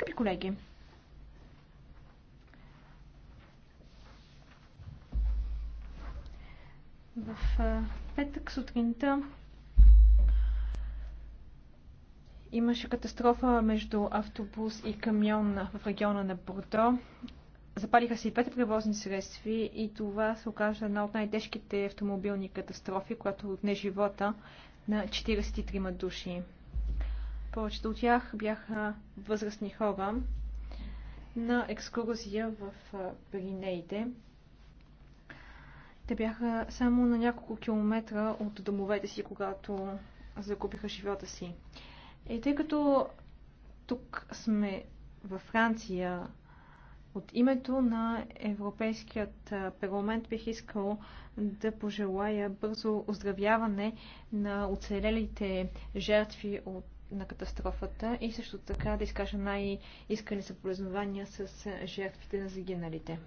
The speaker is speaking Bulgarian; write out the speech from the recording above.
Скъпи колеги, в петък сутринта имаше катастрофа между автобус и камион в региона на Бордо. Запалиха се и пет превозни средства и това се окажа една от най-тежките автомобилни катастрофи, която отне живота на 43 души. Повечето от тях бяха възрастни хора на екскурзия в Пиренеите. Те бяха само на няколко километра от домовете си, когато закупиха живота си. И тъй като тук сме във Франция, от името на Европейският парламент бих искал да пожелая бързо оздравяване на оцелелите жертви от на катастрофата и също така да изкажа най-искрени съболезнования с жертвите на загиналите.